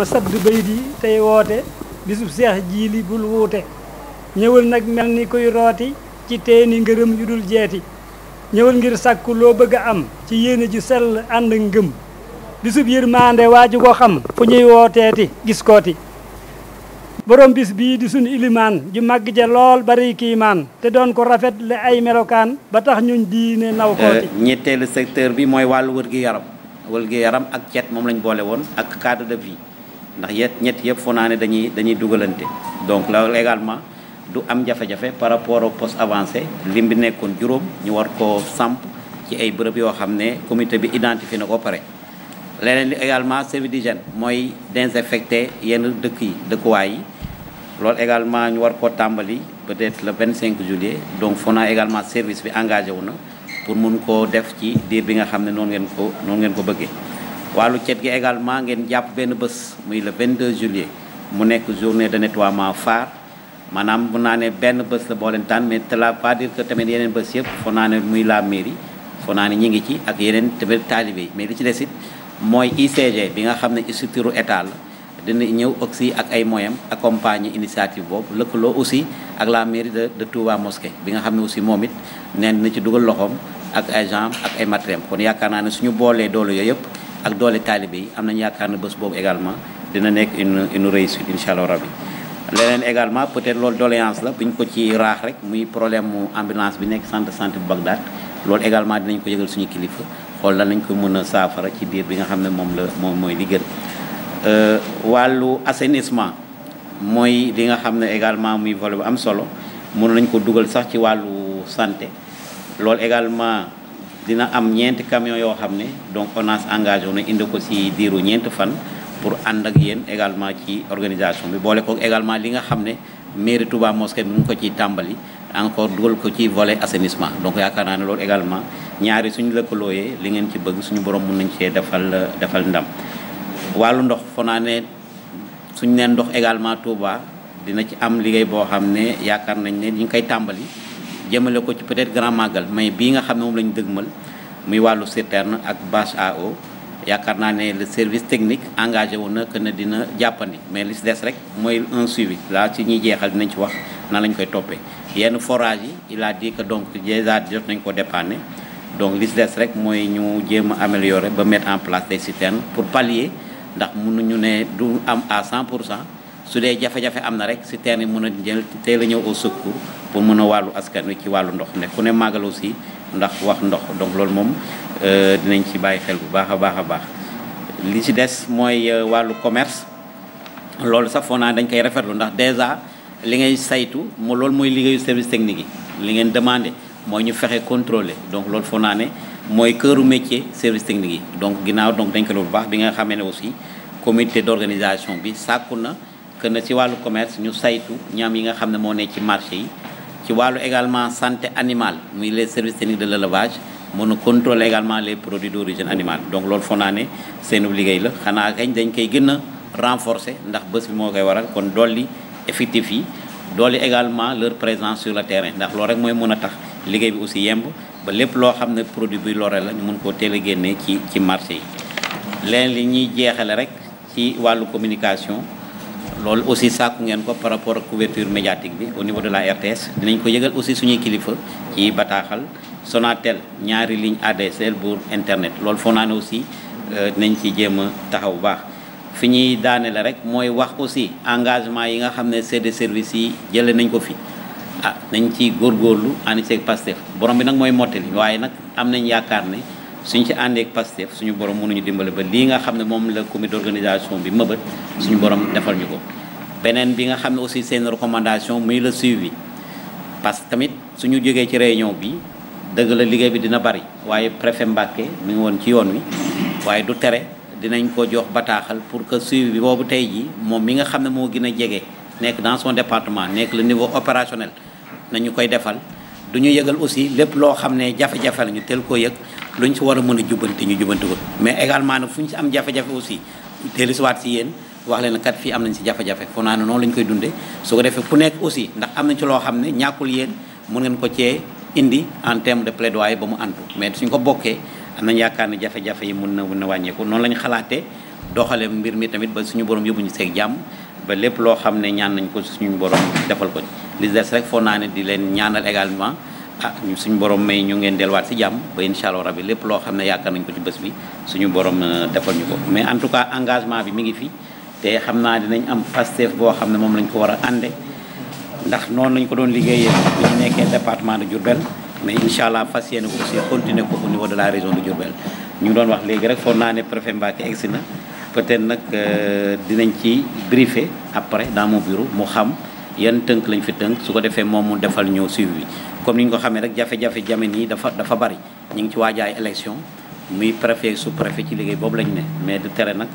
ma sadd bayit yi tey woote bisub seex jiili bul wuute ñëwal nag mel ni kuy rooti ci teeni ngërëm yu dul jeeti ñëwal ngir sàkku loo bëgg a am ci yéene ji sell ànd ngëm bisub yërmande waaju ko xam fu ñuy wooteeti gis kooti borom bis bii di sunu ilimaan ju màgg ja lool bari kiimaan te doon ko rafet le ay melokaan ba tax ñun diine naw euh, kooti ñetteelu secteur bi mooy wàllu wër gi yaram wër gi yaram ak cet moom lañ boole woon ak cadre de vie ndax yet ñett yëpp foo naa ne dañuy dañuy dugalante donc loolu également du am jafe-jafe par rapport au poste avancé lim bi nekkoon juróom ñu war koo samp ci ay bërëb yoo xam ne comité bi identifié na ko pare leneen li également service d'hygiène mooy désinfecté yenn dëkk yi dëkkuwaay yi loolu également ñu war koo tàmbali peut-être le 25 juillet donc foo naa également service bi engagé wu na pour mun koo def ci diir bi nga xam ne noonu ngeen ko noonu ngeen ko bëggee wàllu cet gi également ngeen jàpp benn bés muy le 22 juillet mu nekk journée de nettoiement phare maanaam mun naa ne benn bés la boo leen tànn mais cela pas dire que tamit yeneen bés yëpp foo naa ne muy la mairie foo naa ne ñu ngi ci ak yeneen tamit taalibe yi mais li ci des it mooy ICG bi nga xam ne structure état la dina ñëw aussi ak ay moyens accompagner initiative boobu lëkkaloo aussi ak la mairie de de Touba Mosquée bi nga xam ne aussi moom it neen na ci dugal loxoom ak ay gens ak ay matériels kon yaakaar naa ne suñu boolee doole yooyu yëpp. ak doole taalibe yi am nañu yaakaar ne bés boobu également dina nekk une une réussite incha allah rabbi leneen également peut-être loolu doléance la bu ñu ko ci raax rek muy problème mu ambulance bi nekk centre santé bu Bagdad loolu également dinañ ko yëgal suñu kilifa xool lan nañ ko mën a saafara ci biir bi nga xam ne moom la moom mooy li gën euh, wàllu assainissement mooy li nga xam ne également muy volet bu am solo mën nañ ko dugal sax ci wàllu santé loolu également dina am ñeenti camion yoo xam ne donc ONAS engagé wu na indi ko si diiru ñeenti fan pour ànd ak yéen également ci organisation bi boole ko également li nga xam ne mairie Touba Mosquée mi ngi ko ciy tàmbali encore dugal ko ci volet assainissement donc yaakaar naa ne loolu également ñaari suñu lëkkalooyee li ngeen ci bëgg suñu borom mën nañ cee defal defal ndam wàllu ndox foo ne suñu neen ndox également Touba dina ci am liggéey boo xam ne yaakaar nañ ne ñu ngi koy tàmbali jëmale ko ci peut-être grand màggal may bii nga xam ne moom la ñu dëgmal muy wàllu citerne ak bache à eau yaakaar naa ne le service technique engagé woon na que ne dina jàppandi mais li si des rek mooy un suivi laa ci ñuy jeexal dinañ ci wax nan lañ koy toppee yenn forage yi il a dit que donc déjà jot nañ ko dépanner donc li si des rek mooy ñu jéem a améliorer ba mettre en place des citernes pour pallier ndax ñu ne du am à cent pour cent su dee jafe-jafe am na rek citernes yi mun a jël teel a ñëw au secours pour mën a wàllu askan wi ci wàllu ndox ne ku ne màggal aussi ndax wax ndox donc loolu moom euh, dinañ ci bàyyi xel bu baax a baax a baax li si des mooy euh, wàllu commerce loolu sax foo naa dañ koy rafetlu ndax déjà li ngay saytu moo loolu mooy liggéeyu service technique yi li ngeen demande mooy ñu fexe contrôler donc loolu foo naa ne mooy këru métier service technique yi donc ginnaaw donc dañ ko loolu bu baax bi nga xamee ne aussi comité d'organisation bi sàkku na que na si wàllu commerce ñu saytu ñaam yi nga xam ne moo ne ci marché yi ci wàllu également santé animal muy les services techniques de l'élevage mën a contrôler également les produits d'origine animale donc loolu foo ne seen liggéey la xanaa kañ dañ koy gën a renforcer ndax bés bi moo koy waral kon dolli effectif yi dolli également leur présence sur le terrain ndax lool rek mooy mën a tax liggéey bi aussi yemb ba lépp loo xam ne produit bi lore la ñu mën koo teel a génne ci ci marché yi leen li ñuy jeexale rek ci wàllu communication loolu aussi sàkku ngeen ko par rapport ak couverture médiatique bi au niveau de la RTS dinañ ko yëgal aussi suñuy kilifa ci bataaxal Sonatel ñaari ligne ADSL pour internet loolu foo naa ne aussi euh, dinañ ci jéem a taxaw baax fi ñuy daaneele rek mooy wax aussi engagement yi nga xam ne CD service yi jëlee nañ ko fi ah nañ ci góorgóorlu ànd ceeg Pastef borom bi nag mooy mottali waaye nag am nañ yaakaar ne suñ ci àndeek Pastef suñu borom mënuñu dimbale ba lii nga xam ne moom la comité d'organisation bi mëbët suñu borom defal ñu ko beneen bi nga xam ne aussi seen recommandation muy le suivi parce que tamit suñu jógee ci réunion bi dëgg la liggéey bi dina bari waaye préfet Mbacké mi ngi woon ci yoon wi waaye du tere dinañ ko jox bataaxal pour que suivi bi boobu tey jii moom mi nga xam ne moo gën a jege nekk dans son département nekk le niveau opérationnel nañu koy defal du ñu yëgal aussi lépp loo xam ne jafe la ñu teel koo yëg luñ si war a mën a jubbante ñu jubbante ko mais également nag fu ñu si am jafe-jafe aussi dellu si waat si yéen wax leen kat fii am nañ si jafe-jafe foo naa ne lañ koy dundee su ko defee nekk aussi ndax am na ci loo xam ne ñàkkul yéen mën ngeen ko cee indi en terme de plaidoyer ba mu antu mais suñ ko bokkee am yaakaar ne jafe yi mun na mun na wàññeeku noonu lañ xalaatee doxale mbir mi tamit ba suñu borom yóbbuñu seeg jàmm ba lépp loo xam ne ñaan nañ ko suñu borom defal ko li des di leen ñaanal également ah ñu suñu borom may ñu ngeen delluwaat si jàmm ba incha allah rabi lépp loo xam ne yaakaar nañ ko ci bés bi suñu borom euh, defal ñu ko mais en tout cas engagement bi mu ngi fi te xam naa dinañ am Pastef boo xam ne moom lañ ko war a ànde ndax noonu lañ ko doon liggéeyee bu ñu nekkee département de Diourbel mais incha allah fas yéene ko aussi continuer ko au niveau de la région de Diourbel ñu doon wax léegi rek foog naa ne préfet Mbacké egsi na peut-être nag euh, dinañ ci briefer après dans mon bureau mu xam yan tënk lañ fi tënk su ko defee moom mu defal ñëw suivi bi comme ni ñu ko xamee rek jafe-jafe jamono yi dafa bari ñu ngi ci waajaay élection muy préfet su préfet ci liggéey boobu lañu ne mais du tere nag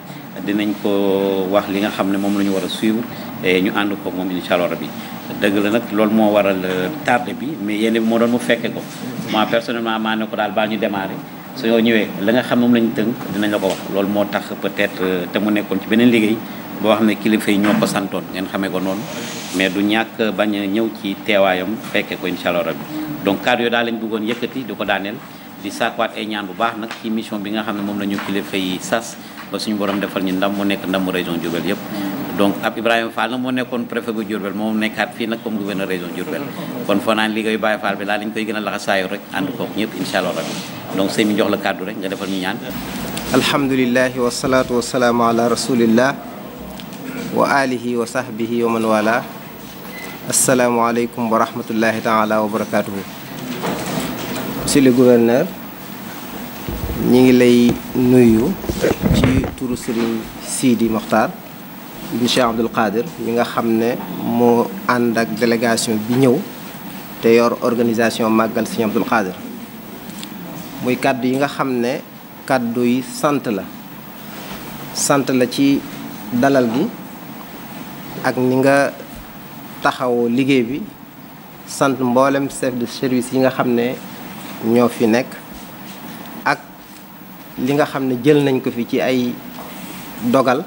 dinañ ko wax li nga xam ne moom la ñu war a suivre et ñu ànd ko moom incha allah rabi dëgg la nag loolu moo waral euh, tardé bi mais yéen moo mu fekkee ko moi personnellement maa ne ko daal baal ñu démarré soo ñëwee la nga xam moom la ñu dinañ la loolu moo tax peut-être euh, te mu nekkoon ci beneen liggéey boo xam ne kilifa yi ñoo ko santoon ngeen xamee ko noonu mais du ñàkk bañ a ñëw ci teewaayam fekkee ko incha allah rabbi donc kàddu yooyu daal lañ bëggoon yëkkati di ko daaneel di sakwaat ay ñaan bu baax nag ci mission bi nga xam ne moom la ñu kilifa yi sas ba suñu borom defal ñu ndam mu nekk ndamu région Diourbel yëpp donc ab Ibrahima Fall nag moo nekkoon préfet bu Diourbel moom nekkaat fii nag comme gouverneur région Diourbel kon foo naan liggéeyu Baye Fall bi laa lañ koy gën a laxasaayu rek ànd kook ñëpp incha allah rabbi donc la wa alihi wa sahbihi wa man wala asalaamualeykum wa rahmatullahi taala wa barakatuhu monsieur le gouverneur ñi ngi lay nuyu ci turu Serigne Sidi Mokhtar ibn Cheikh Abdoul Qadir mi nga xam ne moo ànd ak délégation bi ñëw te yor organisation màggal Serigne Abdoul Qadir muy kàddu yi nga xam ne kàddu yi sant la sant la ci dalal gi ak ni nga taxawoo liggéey bi sant mboolem chef de service yi nga xam ne ñoo fi nekk ak li nga xam ne jël nañ ko fi ci ay dogal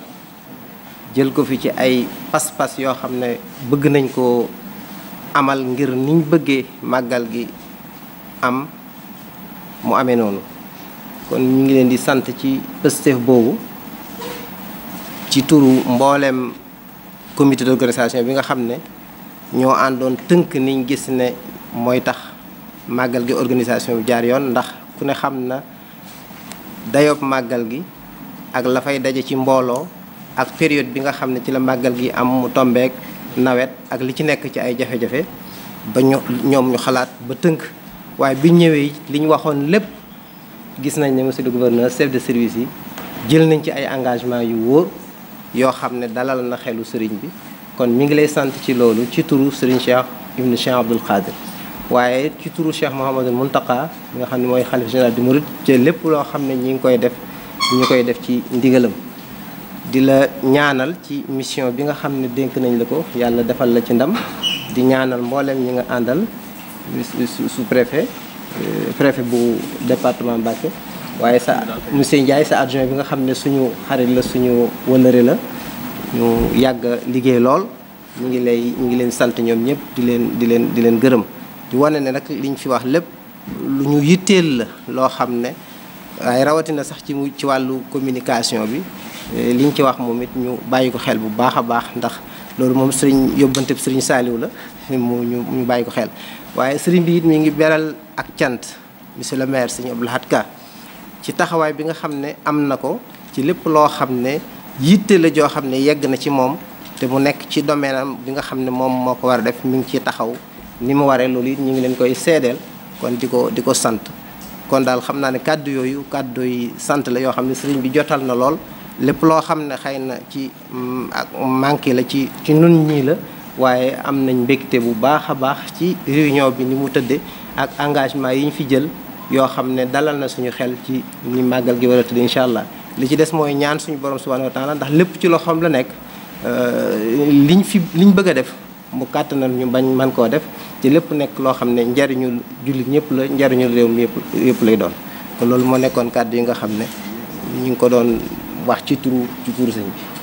jël ko fi ci ay pas-pas yoo xam ne bëgg nañ koo amal ngir niñ bëggee màggal gi am mu amee noonu kon ñu ngi leen di sant ci pësteef boobu ci turu mboolem comité d'organisation bi nga xam ne ñoo àndoon tënk niñ gis ne mooy tax màggal gi organisation bi jaar yoon ndax ku ne xam na dayoob màggal gi ak la fay daje ci mbooloo ak période bi nga xam ne ci la màggal gi am mu tombeek nawet ak li ci nekk ci ay jafe-jafe ba ñoom ñu xalaat ba tënk waaye bi ñëwee li ñu waxoon lépp gis nañ ne monsieur de gouverneur chef de service yi jël nañ ci ay engagement yu wóor yoo xam ne dalal na xelu sëriñ bi kon mu ngi lay sant ci loolu ci turu sëriñ Cheikh ibnu Cheikh Abdoul Khadir waaye ci turu Cheikh Mouhamadul Mountakha nga xam ne mooy xalif général di murid te lépp loo xam ne ñi ngi koy def ñu koy def ci ndigalam di la ñaanal ci mission bi nga xam ne dénk nañ la ko yàlla defal la ci ndam di ñaanal mboolem ñi nga àndal su euh, préfet bu département Mbacké waaye sa monsieur Ndiaye sa adjoint bi nga xam ne suñu xarit la suñu wëllëre la ñu yàgg liggéey lool ñu ngi lay ñu ngi leen sant ñoom ñëpp di leen di leen di leen gërëm di wane ne nag liñ fi wax lépp lu ñu yitteel la loo xam ne waaye rawatina sax ci mu ci wàllu communication bi eh, liñ ci wax moom it ñu bàyyi ko xel bu baax a baax ndax loolu moom sëriñ yóbbante bi sëriñ Saaliw la mu ñu ñu bàyyi ko xel waaye sëriñ bi it mi ngi beral ak cant monsieur le maire sëriñ Abdou Lahad Ka ci taxawaay bi nga xam ne am na ko ci lépp loo xam ne yitte la joo xam ne yegg na ci moom te mu nekk ci domaine am bi nga xam ne moom moo ko war a def mi ngi ciy taxaw ni mu waree loolu it ñu ngi leen koy seedeel kon di ko di ko sant kon daal xam naa ne kàddu yooyu kàddu yi sant la yoo xam ne sëriñ bi jotal na lool lépp loo xam ne xëy na ci mm, ak la ci ci nun ñii la waaye am nañ mbégte bu baax a baax ci réunion bi ni mu tëdde ak engagement yi ñu fi jël yoo xam ne dalal na suñu xel ci ni màggal gi war a tudd incha allah li ci des mooy ñaan suñu borom subhanahu wa taala ndax lépp ci loxoom la nekk euh, liñ fi liñ bëgg a def mu kàttanal ñu bañ man koo def ci lépp nekk loo xam ne njariñul jullit ñëpp la njariñul réew mi yëpp lay doon te loolu moo nekkoon kàdd yi nga xam ne ñu ngi ko doon wax ci turu ci turu sëñ bi